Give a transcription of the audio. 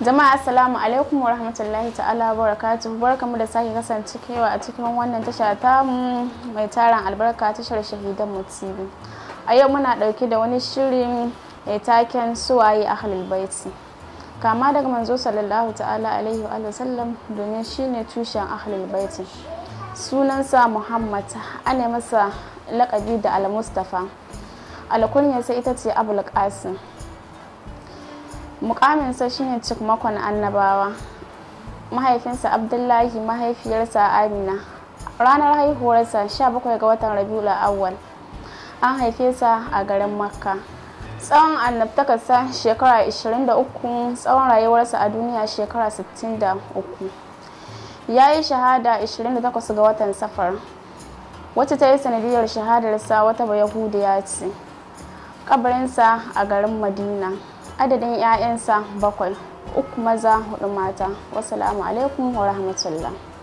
jama'a assalamu alaikum wa rahmatullahi ta'ala wa barka mu da sake kasancewa a cikin wannan tasha ta mai taron albarka tashar shahidan mu tv a yau muna dauke da wani shirin mai taken suwaye ahlul baiti kama daga manzo sallallahu ta'ala alaihi wa sallam domin shine tushen ahlul baiti sunansa muhammad ana masa lakabi da al-mustafa alkunya sai ita ce abul qasim mukaminsa shine cikmakon annabawa mahaifinsa abdullahi mahaifiyarsa amina ranar haihuwarsa 17 ga watan rabiul awwal an haife sa a garin makka tsawon annabtakarsa shekara 23 tsawon rayuwarsa a duniya shekara 63 ya yi shahada 28 ga watan safar wacce ta yi sanadiyar shahadarsa wata yahudiya ce kabarinsa a garin madina adadin 'ya'yansa bakwai uku maza hudu mata wasu alaikum wa rahmatullah